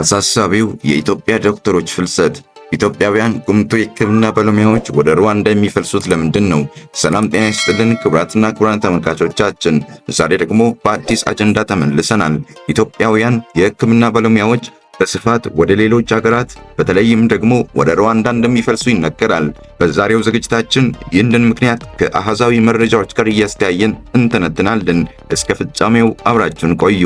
አሳሳቢው የኢትዮጵያ ዶክተሮች ፍልሰት። ኢትዮጵያውያን ጉምቱ የሕክምና ባለሙያዎች ወደ ሩዋንዳ የሚፈልሱት ለምንድን ነው? ሰላም ጤና ይስጥልን ክቡራትና ክቡራን ተመልካቾቻችን፣ ዛሬ ደግሞ በአዲስ አጀንዳ ተመልሰናል። ኢትዮጵያውያን የሕክምና ባለሙያዎች በስፋት ወደ ሌሎች ሀገራት በተለይም ደግሞ ወደ ሩዋንዳ እንደሚፈልሱ ይነገራል። በዛሬው ዝግጅታችን ይህንን ምክንያት ከአሃዛዊ መረጃዎች ጋር እያስተያየን እንተነትናለን። እስከ ፍጻሜው አብራችሁን ቆዩ።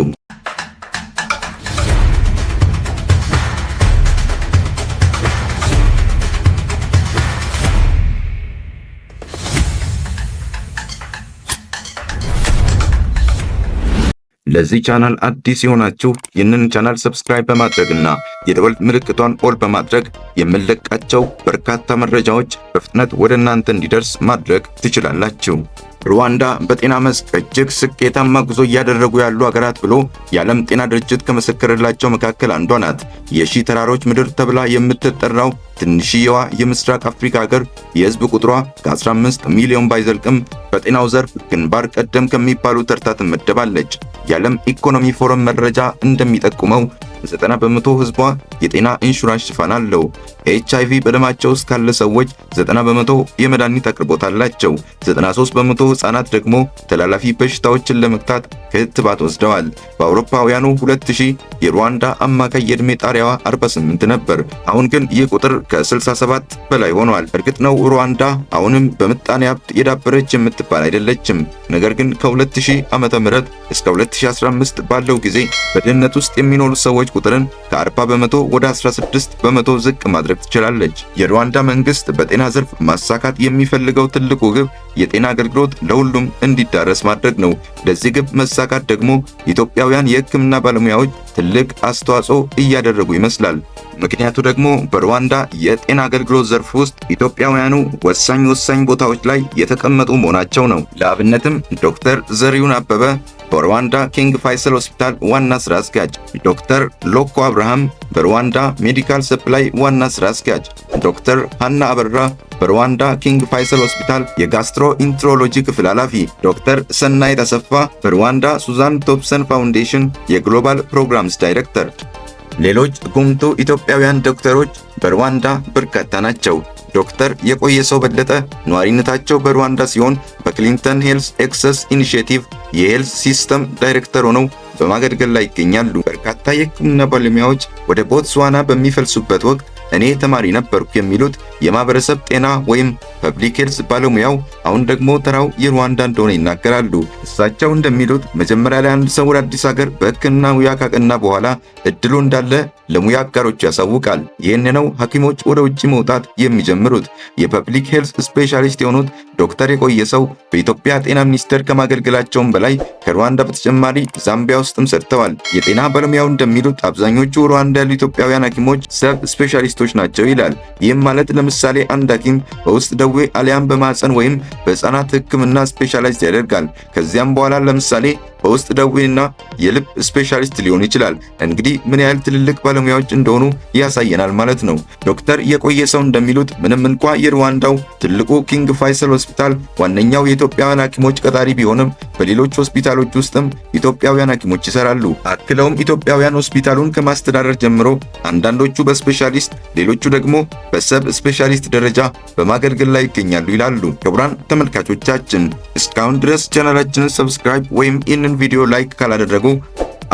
ለዚህ ቻናል አዲስ የሆናችሁ ይህንን ቻናል ሰብስክራይብ በማድረግና የደወል ምልክቷን ኦል በማድረግ የምንለቃቸው በርካታ መረጃዎች በፍጥነት ወደ እናንተ እንዲደርስ ማድረግ ትችላላችሁ። ሩዋንዳ በጤና መስክ እጅግ ስኬታማ ጉዞ እያደረጉ ያሉ ሀገራት ብሎ የዓለም ጤና ድርጅት ከመሰከረላቸው መካከል አንዷ ናት። የሺ ተራሮች ምድር ተብላ የምትጠራው ትንሽየዋ የምስራቅ አፍሪካ ሀገር የህዝብ ቁጥሯ ከ15 ሚሊዮን ባይዘልቅም በጤናው ዘርፍ ግንባር ቀደም ከሚባሉ ተርታ ትመደባለች። የዓለም ኢኮኖሚ ፎረም መረጃ እንደሚጠቁመው ዘጠና በመቶ ህዝቧ የጤና ኢንሹራንስ ሽፋን አለው። ኤች አይቪ በደማቸው ውስጥ ካለ ሰዎች ዘጠና በመቶ የመድኃኒት አቅርቦት አላቸው። 93 በመቶ ህጻናት ደግሞ ተላላፊ በሽታዎችን ለመግታት ክትባት ወስደዋል። በአውሮፓውያኑ 2000 የሩዋንዳ አማካይ የዕድሜ ጣሪያዋ 48 ነበር። አሁን ግን ይህ ቁጥር ከ67 በላይ ሆኗል። እርግጥ ነው ሩዋንዳ አሁንም በምጣኔ ሀብት የዳበረች የምትባል አይደለችም። ነገር ግን ከ2000 ዓመተ ምህረት እስከ 2015 ባለው ጊዜ በድህነት ውስጥ የሚኖሩ ሰዎች ቁጥርን ከ40 በመቶ ወደ 16 በመቶ ዝቅ ማድረግ ትችላለች። የሩዋንዳ መንግስት በጤና ዘርፍ ማሳካት የሚፈልገው ትልቁ ግብ የጤና አገልግሎት ለሁሉም እንዲዳረስ ማድረግ ነው። ለዚህ ግብ መሳካት ደግሞ ኢትዮጵያውያን የሕክምና ባለሙያዎች ትልቅ አስተዋጽኦ እያደረጉ ይመስላል። ምክንያቱ ደግሞ በሩዋንዳ የጤና አገልግሎት ዘርፍ ውስጥ ኢትዮጵያውያኑ ወሳኝ ወሳኝ ቦታዎች ላይ የተቀመጡ መሆናቸው ነው። ለአብነትም ዶክተር ዘሪሁን አበበ በሩዋንዳ ኪንግ ፋይሰል ሆስፒታል ዋና ስራ አስኪያጅ ዶክተር ሎኮ አብርሃም በሩዋንዳ ሜዲካል ሰፕላይ ዋና ስራ አስኪያጅ ዶክተር ሃና አበራ በሩዋንዳ ኪንግ ፋይሰል ሆስፒታል የጋስትሮ ኢንትሮሎጂ ክፍል ኃላፊ ዶክተር ሰናይ ተሰፋ በሩዋንዳ ሱዛን ቶፕሰን ፋውንዴሽን የግሎባል ፕሮግራምስ ዳይሬክተር ሌሎች ጉምቱ ኢትዮጵያውያን ዶክተሮች በሩዋንዳ በርካታ ናቸው። ዶክተር የቆየ ሰው በለጠ ነዋሪነታቸው በሩዋንዳ ሲሆን በክሊንተን ሄልስ ኤክሰስ ኢኒሼቲቭ የሄልስ ሲስተም ዳይሬክተር ሆነው በማገልገል ላይ ይገኛሉ። በርካታ የሕክምና ባለሙያዎች ወደ ቦትስዋና በሚፈልሱበት ወቅት እኔ ተማሪ ነበርኩ የሚሉት የማህበረሰብ ጤና ወይም ፐብሊክ ሄልዝ ባለሙያው አሁን ደግሞ ተራው የሩዋንዳ እንደሆነ ይናገራሉ። እሳቸው እንደሚሉት መጀመሪያ ላይ አንድ ሰው ወደ አዲስ ሀገር በሕክምና ሙያ ካቀና በኋላ እድሉ እንዳለ ለሙያ አጋሮቹ ያሳውቃል። ይህን ነው ሐኪሞች ወደ ውጭ መውጣት የሚጀምሩት። የፐብሊክ ሄልዝ ስፔሻሊስት የሆኑት ዶክተር የቆየ ሰው በኢትዮጵያ ጤና ሚኒስቴር ከማገልገላቸውም በላይ ከሩዋንዳ በተጨማሪ ዛምቢያ ውስጥም ሰርተዋል። የጤና ባለሙያው እንደሚሉት አብዛኞቹ ሩዋንዳ ያሉ ኢትዮጵያውያን ሐኪሞች ሰብ ስፔሻሊስቶች ናቸው ይላል። ይህም ማለት ለምሳሌ አንድ ሐኪም በውስጥ ደዌ አሊያም በማፀን ወይም በህፃናት ህክምና ስፔሻላይዝ ያደርጋል። ከዚያም በኋላ ለምሳሌ በውስጥ ደዌና የልብ ስፔሻሊስት ሊሆን ይችላል። እንግዲህ ምን ያህል ትልልቅ ባለሙያዎች እንደሆኑ ያሳየናል ማለት ነው። ዶክተር የቆየ ሰው እንደሚሉት ምንም እንኳ የሩዋንዳው ትልቁ ኪንግ ፋይሰል ሆስፒታል ዋነኛው የኢትዮጵያውያን ሐኪሞች ቀጣሪ ቢሆንም በሌሎች ሆስፒታሎች ውስጥም ኢትዮጵያውያን ሐኪሞች ይሰራሉ። አክለውም ኢትዮጵያውያን ሆስፒታሉን ከማስተዳደር ጀምሮ አንዳንዶቹ በስፔሻሊስት ሌሎቹ ደግሞ በሰብ ስፔሻሊስት ደረጃ በማገልገል ላይ ይገኛሉ ይላሉ። ክቡራን ተመልካቾቻችን እስካሁን ድረስ ቻናላችንን ሰብስክራይብ ወይም ይህንን ቪዲዮ ላይክ ካላደረጉ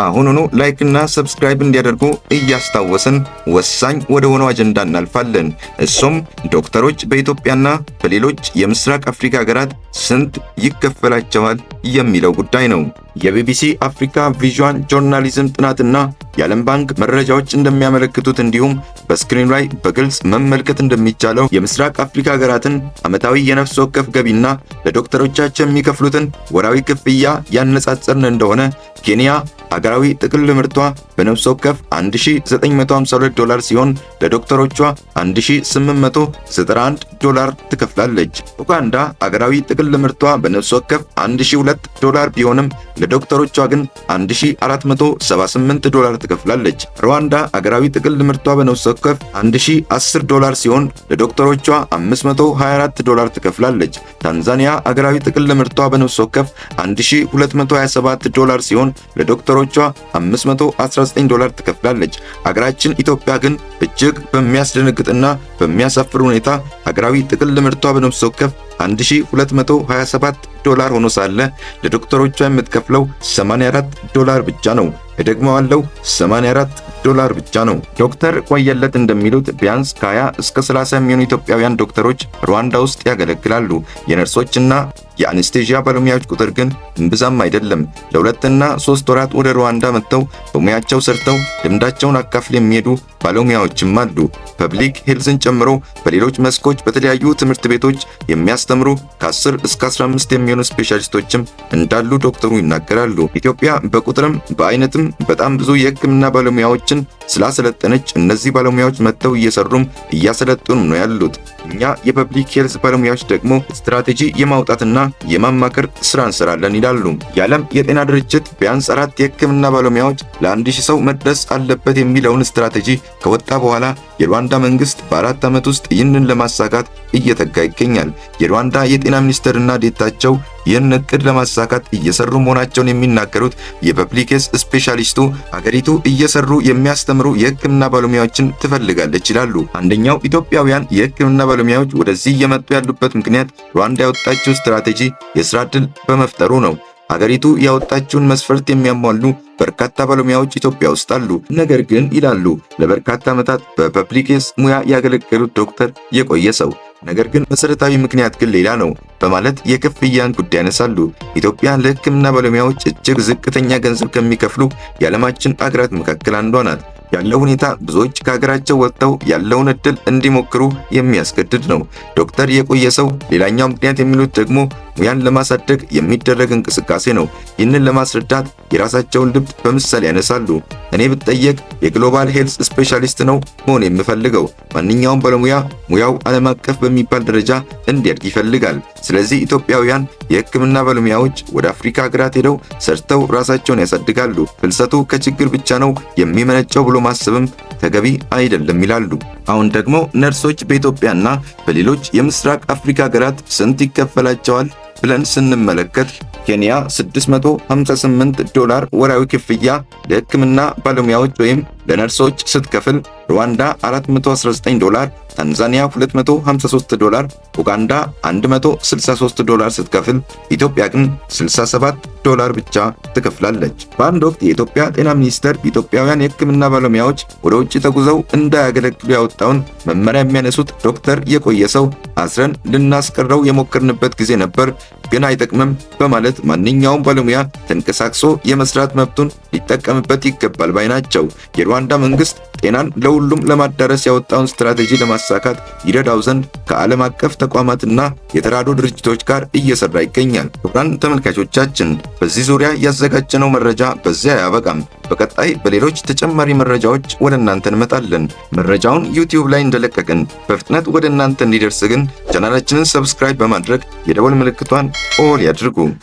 አሁኑኑ ላይክ እና ሰብስክራይብ እንዲያደርጉ እያስታወስን ወሳኝ ወደ ሆነው አጀንዳ እናልፋለን። እሱም ዶክተሮች በኢትዮጵያና በሌሎች የምስራቅ አፍሪካ ሀገራት ስንት ይከፈላቸዋል የሚለው ጉዳይ ነው። የቢቢሲ አፍሪካ ቪዥን ጆርናሊዝም ጥናትና የዓለም ባንክ መረጃዎች እንደሚያመለክቱት እንዲሁም በስክሪኑ ላይ በግልጽ መመልከት እንደሚቻለው የምስራቅ አፍሪካ ሀገራትን ዓመታዊ የነፍስ ወከፍ ገቢና ለዶክተሮቻቸው የሚከፍሉትን ወራዊ ክፍያ ያነጻጸርን እንደሆነ ኬንያ አገራዊ ጥቅል ምርቷ በነፍስ ወከፍ 1952 ዶላር ሲሆን ለዶክተሮቿ 1891 ዶላር ትከፍላለች። ኡጋንዳ አገራዊ ጥቅል ምርቷ በነፍስ ወከፍ 1002 ዶላር ቢሆንም ለዶክተሮቿ ግን 1478 ዶላር ትከፍላለች። ሩዋንዳ አገራዊ ጥቅል ምርቷ በነፍስ ወከፍ 1010 ዶላር ሲሆን ለዶክተሮቿ 524 ዶላር ትከፍላለች። ታንዛኒያ አገራዊ ጥቅል ምርቷ በነፍስ ወከፍ 1227 ዶላር ሲሆን ለዶክተሮቿ 519 ዶላር ትከፍላለች። አገራችን ኢትዮጵያ ግን እጅግ በሚያስደነግጥና በሚያሳፍር ሁኔታ አገራዊ ጥቅል ምርቷ በነፍስ ወከፍ 1227 ዶላር ሆኖ ሳለ ለዶክተሮቿ የምትከፍለው 84 ዶላር ብቻ ነው። እደግመዋለሁ 84 ዶላር ብቻ ነው። ዶክተር ቆየለት እንደሚሉት ቢያንስ ከ20 እስከ 30 የሚሆኑ ኢትዮጵያውያን ዶክተሮች ሩዋንዳ ውስጥ ያገለግላሉ። የነርሶችና የአነስቴዥያ ባለሙያዎች ቁጥር ግን እምብዛም አይደለም። ለሁለትና ሶስት ወራት ወደ ሩዋንዳ መጥተው በሙያቸው ሰርተው ልምዳቸውን አካፍል የሚሄዱ ባለሙያዎችም አሉ። ፐብሊክ ሄልዝን ጨምሮ በሌሎች መስኮች በተለያዩ ትምህርት ቤቶች የሚያስተምሩ ከ10 እስከ 15 የሚሆኑ ስፔሻሊስቶችም እንዳሉ ዶክተሩ ይናገራሉ። ኢትዮጵያ በቁጥርም በአይነትም በጣም ብዙ የህክምና ባለሙያዎች ባለሙያዎችን ስላሰለጠነች እነዚህ ባለሙያዎች መጥተው እየሰሩም እያሰለጡንም ነው ያሉት። እኛ የፐብሊክ ሄልዝ ባለሙያዎች ደግሞ ስትራቴጂ የማውጣትና የማማከር ስራ እንሰራለን ይላሉ። የዓለም የጤና ድርጅት ቢያንስ አራት የህክምና ባለሙያዎች ለአንድ ሺህ ሰው መድረስ አለበት የሚለውን ስትራቴጂ ከወጣ በኋላ የሩዋንዳ መንግስት በአራት ዓመት ውስጥ ይህንን ለማሳካት እየተጋ ይገኛል። የሩዋንዳ የጤና ሚኒስትርና ዴታቸው ይህን እቅድ ለማሳካት እየሰሩ መሆናቸውን የሚናገሩት የፐብሊኬስ ስፔሻሊስቱ ሀገሪቱ እየሰሩ የሚያስተምሩ የህክምና ባለሙያዎችን ትፈልጋለች ይላሉ። አንደኛው ኢትዮጵያውያን የህክምና ባለ ባለሙያዎች ወደዚህ እየመጡ ያሉበት ምክንያት ሩዋንዳ ያወጣችው ስትራቴጂ የስራ ዕድል በመፍጠሩ ነው። ሀገሪቱ ያወጣችውን መስፈርት የሚያሟሉ በርካታ ባለሙያዎች ኢትዮጵያ ውስጥ አሉ። ነገር ግን ይላሉ ለበርካታ ዓመታት በፐብሊክ ሙያ ያገለገሉት ዶክተር የቆየ ሰው ነገር ግን መሰረታዊ ምክንያት ግን ሌላ ነው በማለት የክፍያን ጉዳይ ያነሳሉ። ኢትዮጵያ ለሕክምና ባለሙያዎች እጅግ ዝቅተኛ ገንዘብ ከሚከፍሉ የዓለማችን አገራት መካከል አንዷ ናት። ያለው ሁኔታ ብዙዎች ከሀገራቸው ወጥተው ያለውን እድል እንዲሞክሩ የሚያስገድድ ነው። ዶክተር የቆየ ሰው ሌላኛው ምክንያት የሚሉት ደግሞ ሙያን ለማሳደግ የሚደረግ እንቅስቃሴ ነው። ይህንን ለማስረዳት የራሳቸውን ልብ በምሳሌ ያነሳሉ። እኔ ብጠየቅ የግሎባል ሄልስ ስፔሻሊስት ነው መሆን የምፈልገው። ማንኛውም ባለሙያ ሙያው ዓለም አቀፍ በሚባል ደረጃ እንዲያድግ ይፈልጋል። ስለዚህ ኢትዮጵያውያን የሕክምና ባለሙያዎች ወደ አፍሪካ ሀገራት ሄደው ሰርተው ራሳቸውን ያሳድጋሉ። ፍልሰቱ ከችግር ብቻ ነው የሚመነጨው ብሎ ማሰብም ተገቢ አይደለም ይላሉ። አሁን ደግሞ ነርሶች በኢትዮጵያና በሌሎች የምስራቅ አፍሪካ ሀገራት ስንት ይከፈላቸዋል? ብለን ስንመለከት ኬንያ 658 ዶላር ወራዊ ክፍያ ለሕክምና ባለሙያዎች ወይም ለነርሶች ስትከፍል ሩዋንዳ 419 ዶላር፣ ታንዛኒያ 253 ዶላር፣ ኡጋንዳ 163 ዶላር ስትከፍል ኢትዮጵያ ግን 67 ዶላር ብቻ ትከፍላለች። በአንድ ወቅት የኢትዮጵያ ጤና ሚኒስቴር ኢትዮጵያውያን የሕክምና ባለሙያዎች ወደ ውጭ ተጉዘው እንዳያገለግሉ ያወጣውን መመሪያ የሚያነሱት ዶክተር የቆየ ሰው አስረን ልናስቀረው የሞከርንበት ጊዜ ነበር። ግን አይጠቅምም በማለት ማንኛውም ባለሙያ ተንቀሳቅሶ የመስራት መብቱን ሊጠቀምበት ይገባል ባይ ናቸው። የሩዋንዳ መንግስት ጤናን ለሁሉም ለማዳረስ ያወጣውን ስትራቴጂ ለማሳካት ይረዳው ዘንድ ከዓለም አቀፍ ተቋማትና የተራድኦ ድርጅቶች ጋር እየሰራ ይገኛል። ክቡራን ተመልካቾቻችን በዚህ ዙሪያ ያዘጋጀነው መረጃ በዚያ አያበቃም። በቀጣይ በሌሎች ተጨማሪ መረጃዎች ወደ እናንተ እንመጣለን። መረጃውን ዩቲዩብ ላይ እንደለቀቅን በፍጥነት ወደ እናንተ እንዲደርስ ግን ቻናላችንን ሰብስክራይብ በማድረግ የደወል ምልክቷን 恶劣之工。